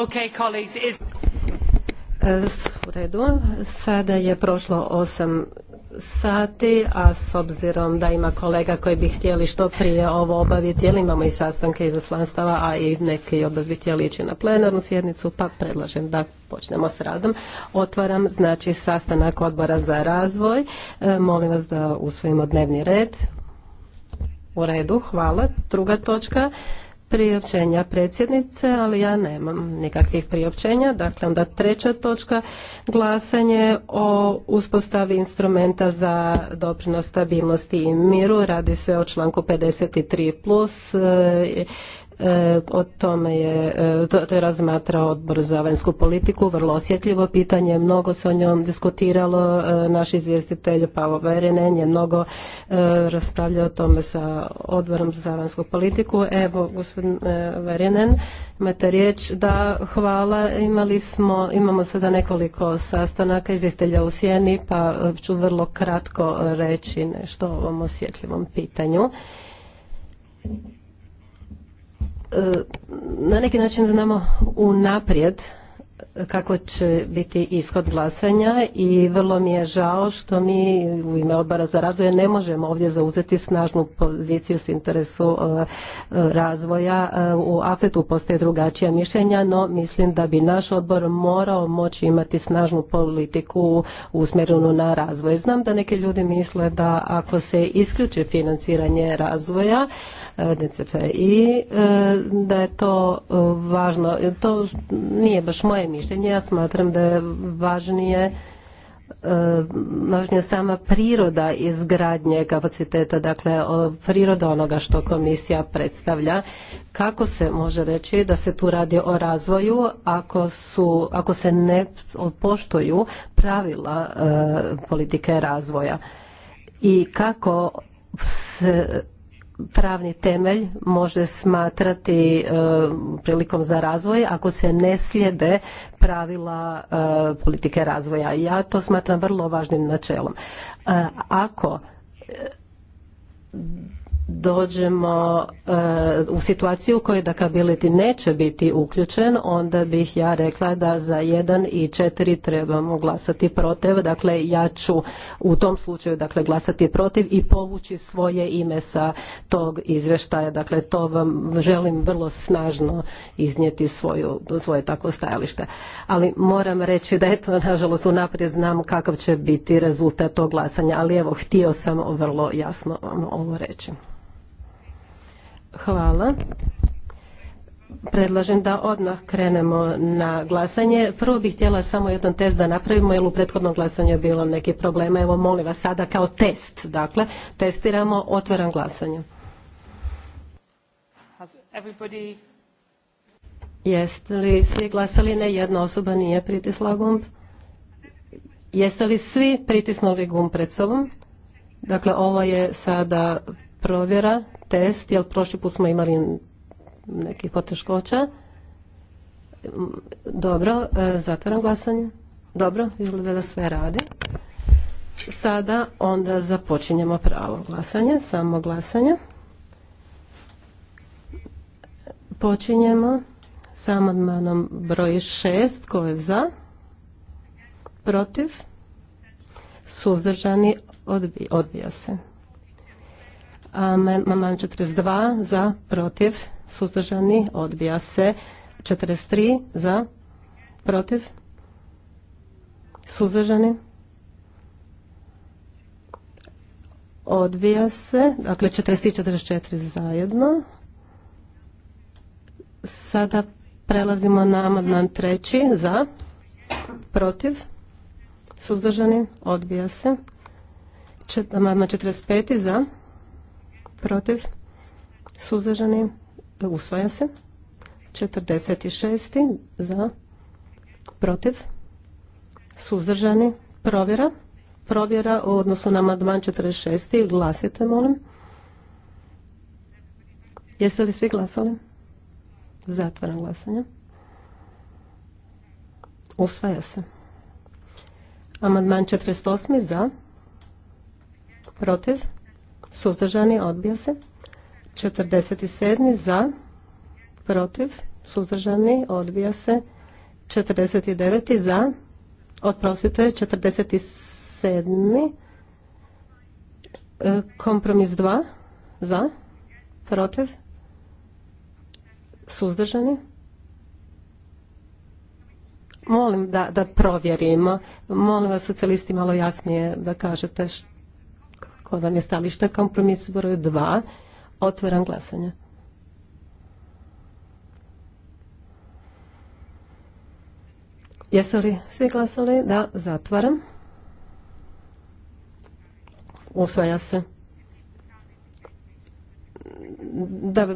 E, u redu, sada je prošlo osam sati, a s obzirom da ima kolega koji bi htjeli što prije ovo obaviti, jer imamo i sastanke izaslanstava, a i neki od nas bi htjeli ići na plenarnu sjednicu, pa predlažem da počnemo s radom. Otvaram, znači, sastanak odbora za razvoj. E, molim vas da usvojimo dnevni red. U redu, hvala. Druga točka priopćenja predsjednice, ali ja nemam nikakvih priopćenja. Dakle, onda treća točka glasanje o uspostavi instrumenta za doprinos stabilnosti i miru. Radi se o članku 53 plus E, o tome je, e, to je razmatrao odbor za vanjsku politiku, vrlo osjetljivo pitanje, mnogo se o njom diskutiralo, e, naš izvjestitelj Pavo Verenen je mnogo raspravljao o tome sa odborom za vanjsku politiku. Evo, gospodin Verenen imate riječ da hvala, imali smo, imamo sada nekoliko sastanaka izvjestitelja u Sjeni, pa ću vrlo kratko reći nešto o ovom osjetljivom pitanju. E, na neki način znamo unaprijed kako će biti ishod glasanja i vrlo mi je žao što mi u ime odbora za razvoj ne možemo ovdje zauzeti snažnu poziciju s interesu e, razvoja. E, u afet postoje drugačija mišljenja, no mislim da bi naš odbor morao moći imati snažnu politiku usmjerenu na razvoj. Znam da neki ljudi misle da ako se isključe financiranje razvoja e, i da je to važno. To nije baš moje mišljenje mišljenje. Ja smatram da je važnije e, važnija sama priroda izgradnje kapaciteta, dakle priroda onoga što komisija predstavlja. Kako se može reći da se tu radi o razvoju ako, su, ako se ne poštuju pravila e, politike razvoja i kako se pravni temelj može smatrati e, prilikom za razvoj ako se ne slijede pravila e, politike razvoja. Ja to smatram vrlo važnim načelom. E, ako dođemo e, u situaciju u kojoj dakability neće biti uključen, onda bih ja rekla da za 1 i 4 trebamo glasati protiv. Dakle, ja ću u tom slučaju dakle, glasati protiv i povući svoje ime sa tog izvještaja. Dakle, to vam želim vrlo snažno iznijeti svoje takvo stajalište. Ali moram reći da eto, nažalost, unaprijed znam kakav će biti rezultat tog glasanja. Ali evo, htio sam vrlo jasno vam ovo reći. Hvala. Predlažem da odmah krenemo na glasanje. Prvo bih htjela samo jedan test da napravimo, jer u prethodnom glasanju je bilo neki problema. Evo, molim vas sada kao test. Dakle, testiramo, otvaram glasanje. Jeste li svi glasali? Ne, jedna osoba nije pritisla gumb. Jeste li svi pritisnuli gumb pred sobom? Dakle, ovo je sada provjera test, jer prošli put smo imali nekih poteškoća. Dobro, e, zatvaram glasanje. Dobro, izgleda da sve radi. Sada onda započinjemo pravo glasanje, samo glasanje. Počinjemo sa amandmanom broj šest, ko je za, protiv, suzdržani, odbija se. Amandman 42 za, protiv, suzdržani, odbija se. 43 za, protiv, suzdržani, odbija se. Dakle, 43 i 44 zajedno. Sada prelazimo na amandman treći za, protiv, suzdržani, odbija se. Amandman 45 za, protiv, suzdržani, usvaja se. 46. za, protiv, suzdržani, provjera. Provjera u odnosu na amandman 46. Glasite, molim. Jeste li svi glasali? Zatvaram glasanje. Usvaja se. Amandman 48. za, protiv, suzdržani, odbija se. 47. za, protiv, suzdržani, odbija se. 49. za, oprostite, 47. E, kompromis 2, za, protiv, suzdržani. Molim da, da provjerimo. Molim vas socijalisti malo jasnije da kažete što je stališta kompromis broj 2. Otvaram glasanje. Jesu li svi glasali? Da, zatvaram. Usvaja se. Da,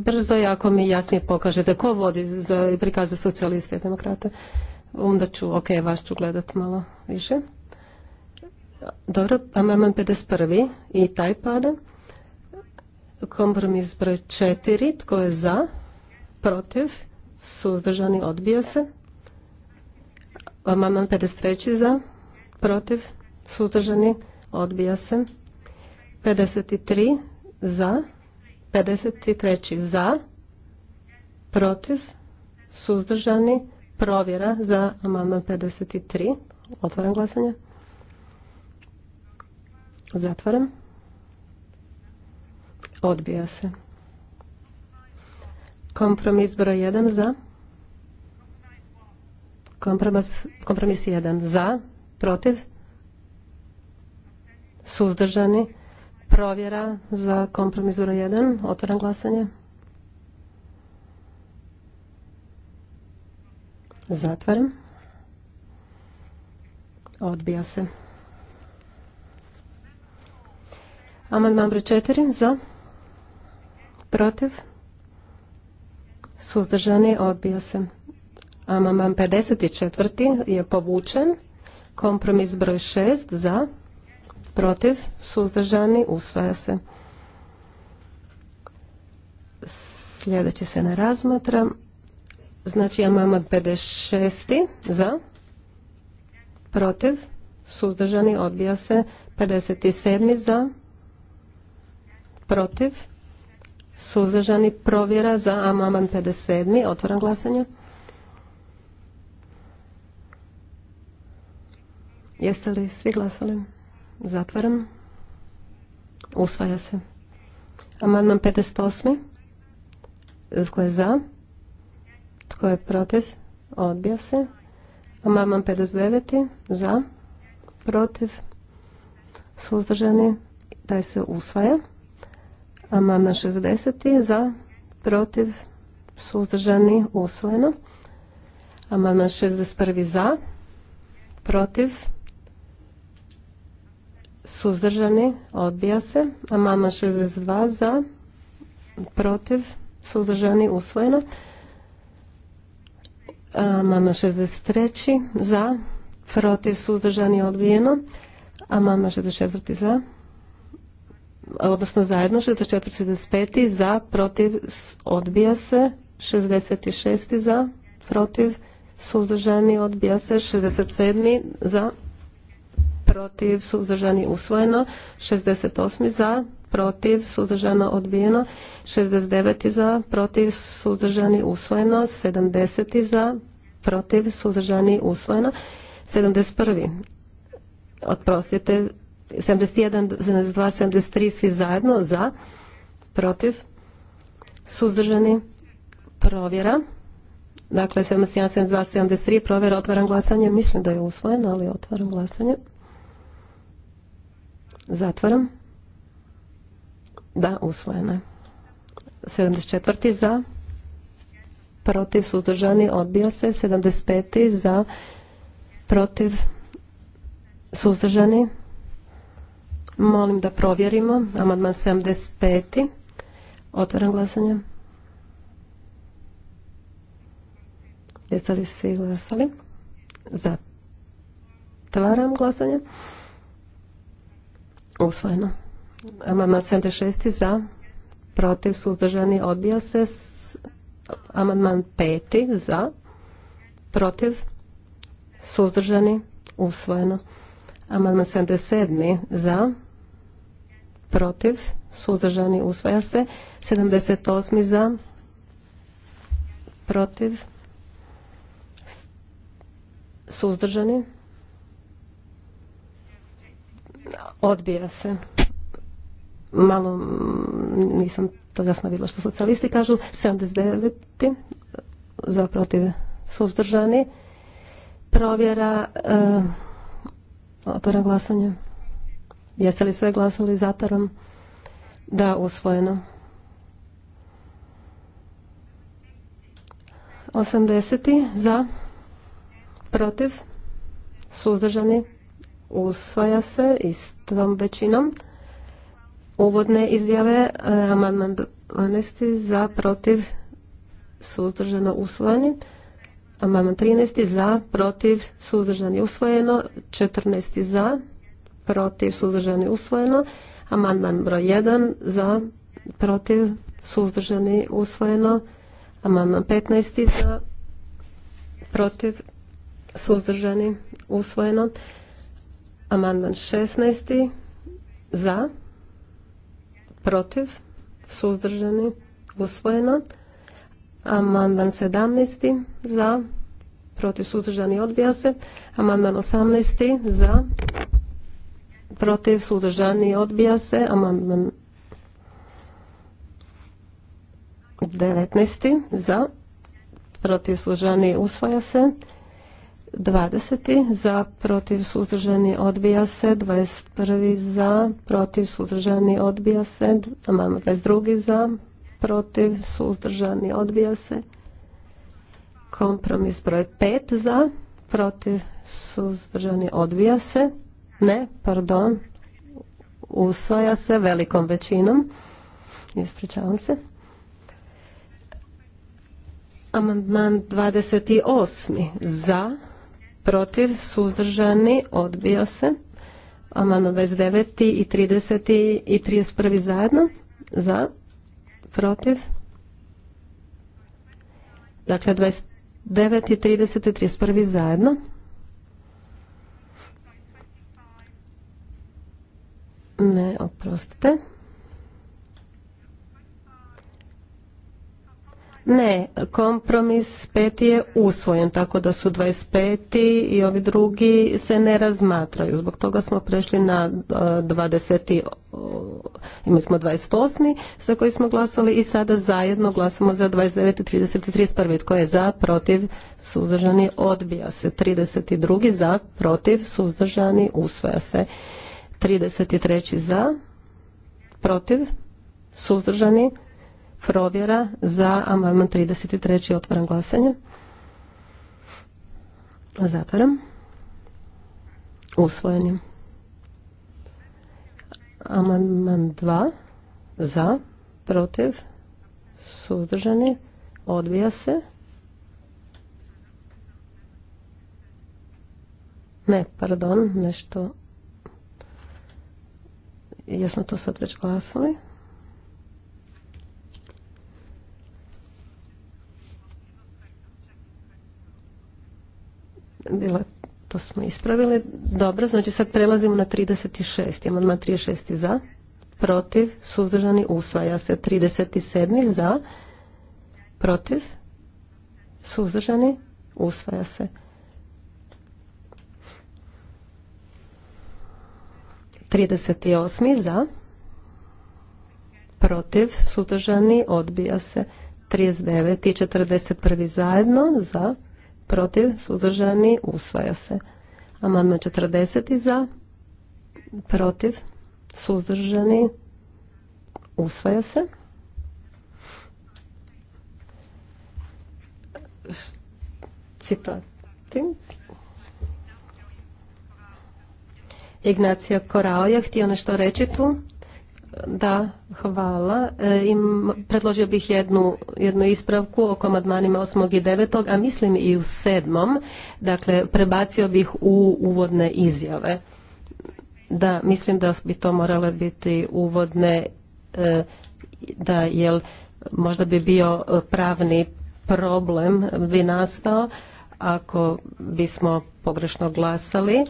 brzo i ako mi jasnije pokažete ko vodi za prikaze socijaliste i demokrate, onda ću, ok, vas ću gledati malo više. Dobro, amandman 51. i taj pada. Kompromis broj 4. Tko je za? Protiv? Suzdržani? Odbija se. Amandman 53. za? Protiv? Suzdržani? Odbija se. 53. za? 53. za? Protiv? Suzdržani? Provjera za amandman 53. Otvaram glasanje. Zatvaram. Odbija se. Kompromis broj 1 za. Kompromis, kompromis 1 za. Protiv. Suzdržani. Provjera za kompromis broj 1. Otvaram glasanje. Zatvaram. Odbija se. Amandman broj četiri za, protiv, suzdržani, odbio se. Amandman 54. je povučen. Kompromis broj 6 za, protiv, suzdržani, usvaja se. Sljedeći se ne razmatra. Znači amandman 56. za, protiv, suzdržani, odbija se. 57. za, protiv, suzdržani, provjera za amaman 57. Otvoram glasanje. Jeste li svi glasali? Zatvaram. Usvaja se. Amandman 58. Tko je za? Tko je protiv? Odbija se. Amandman 59. Za? Protiv? Suzdržani? Taj se usvaja na 60. za, protiv, suzdržani, usvojeno. na 61. za, protiv, suzdržani, odbija se. na 62. za, protiv, suzdržani, usvojeno. na 63. za, protiv, suzdržani, odbijeno. na 64. za, odnosno zajedno 64 65 za protiv odbija se 66 za protiv suzdržani odbija se 67 za protiv suzdržani usvojeno 68 za protiv suzdržano odbijeno 69 za protiv suzdržani usvojeno 70 za protiv suzdržani usvojeno 71 Oprostite, 71, 72, 73, svi zajedno, za, protiv, suzdržani, provjera. Dakle, 71, 72, 73, provjera, otvaram glasanje. Mislim da je usvojeno, ali otvaram glasanje. Zatvaram. Da, usvojeno je. 74. za, protiv, suzdržani, odbija se. 75. za, protiv, suzdržani, Molim da provjerimo. Amandman 75. Otvaram glasanje. Jeste li svi glasali? Zatvaram glasanje. Usvojeno. Amandman 76. Za. Protiv. Suzdržani. Odbija se. Amandman 5. Za. Protiv. Suzdržani. Usvojeno. Amandman 77. Za protiv, suzdržani, usvaja se. 78. za, protiv, suzdržani, odbija se. Malo nisam to jasno vidjela što socijalisti kažu. 79. za, protiv, suzdržani. Provjera, e, glasanja. Jeste li sve glasali zatarom? Da, usvojeno. 80. za, protiv, suzdržani, usvaja se istom većinom. Uvodne izjave, e, amandman 12. za, protiv, suzdržano, usvojeni. Amandman 13. za, protiv, suzdržani, usvojeno. 14. za, protiv, suzdržani, usvojeno. Amandman broj 1 za, protiv, suzdržani, usvojeno. Amandman 15 za, protiv, suzdržani, usvojeno. Amandman 16 za, protiv, suzdržani, usvojeno. Amandman 17 za, protiv, suzdržani, odbija se. Amandman 18 za, protiv, suzdržani, odbija se. Amandman 19. za, protiv, suzdržani, usvaja se. 20. za, protiv, suzdržani, odbija se. 21. za, protiv, suzdržani, odbija se. Amandman 22. za, protiv, suzdržani, odbija se. Kompromis broj 5 za, protiv, suzdržani, odbija se. Ne, pardon. Usvaja se velikom većinom. Ispričavam se. Amandman 28. Za, protiv, suzdržani, odbio se. Amandman 29. i 30. i 31. zajedno. Za, protiv. Dakle, 29. i 30. i 31. zajedno. Ne, oprostite. Ne, kompromis peti je usvojen, tako da su 25. i ovi drugi se ne razmatraju. Zbog toga smo prešli na 20. E, imali smo 28. sa koji smo glasali i sada zajedno glasamo za 29. 30. i 31. Tko je za, protiv, suzdržani, odbija se. 32. za, protiv, suzdržani, usvaja se. 33. za, protiv, suzdržani, provjera za amandman 33. otvaram glasanje. Zatvaram. Usvojenim. Amandman 2 za, protiv, suzdržani, odbija se. Ne, pardon, nešto Jesmo to sad već glasali? Bila, to smo ispravili. Dobro, znači sad prelazimo na 36. Amandman 36. za, protiv, suzdržani, usvaja se. 37. za, protiv, suzdržani, usvaja se. 38. za, protiv, suzdržani, odbija se. 39. i 41. zajedno, za, protiv, suzdržani, usvaja se. Amandman 40. za, protiv, suzdržani, usvaja se. Citati. Ignacija Korao je htio nešto reći tu. Da, hvala. E, predložio bih jednu, ispravku oko amandmanima 8. i 9. a mislim i u 7. Dakle, prebacio bih u uvodne izjave. Da, mislim da bi to morale biti uvodne, e, da, jel možda bi bio pravni problem bi nastao ako bismo pogrešno glasali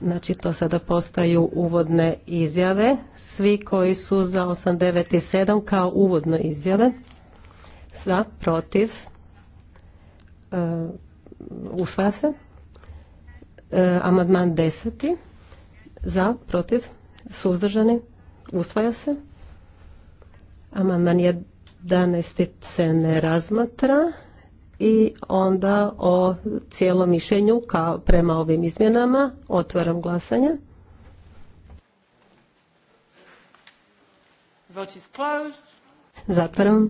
Znači to sada postaju uvodne izjave. Svi koji su za 897 kao uvodne izjave. Za, protiv. E, usvaja se. E, amandman Amadman Za, protiv. Suzdržani. Usvaja se. Amandman 11. se ne razmatra i onda o cijelom mišljenju kao prema ovim izmjenama. Otvaram glasanje. Zatvaram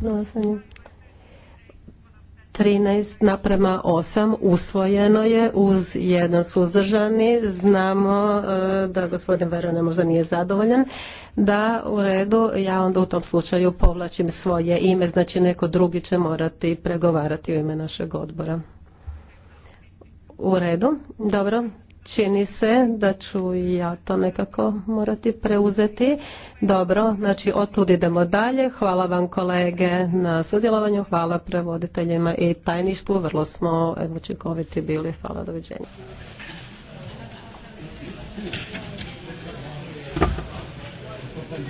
glasanje. 13 naprema 8 usvojeno je uz jedan suzdržani. Znamo e, da gospodin Verone možda nije zadovoljan. Da, u redu, ja onda u tom slučaju povlačim svoje ime, znači neko drugi će morati pregovarati u ime našeg odbora. U redu, dobro, čini se da ću ja to nekako morati preuzeti. Dobro, znači otud idemo dalje. Hvala vam kolege na sudjelovanju, hvala prevoditeljima i tajništvu. Vrlo smo učinkoviti bili. Hvala, doviđenja.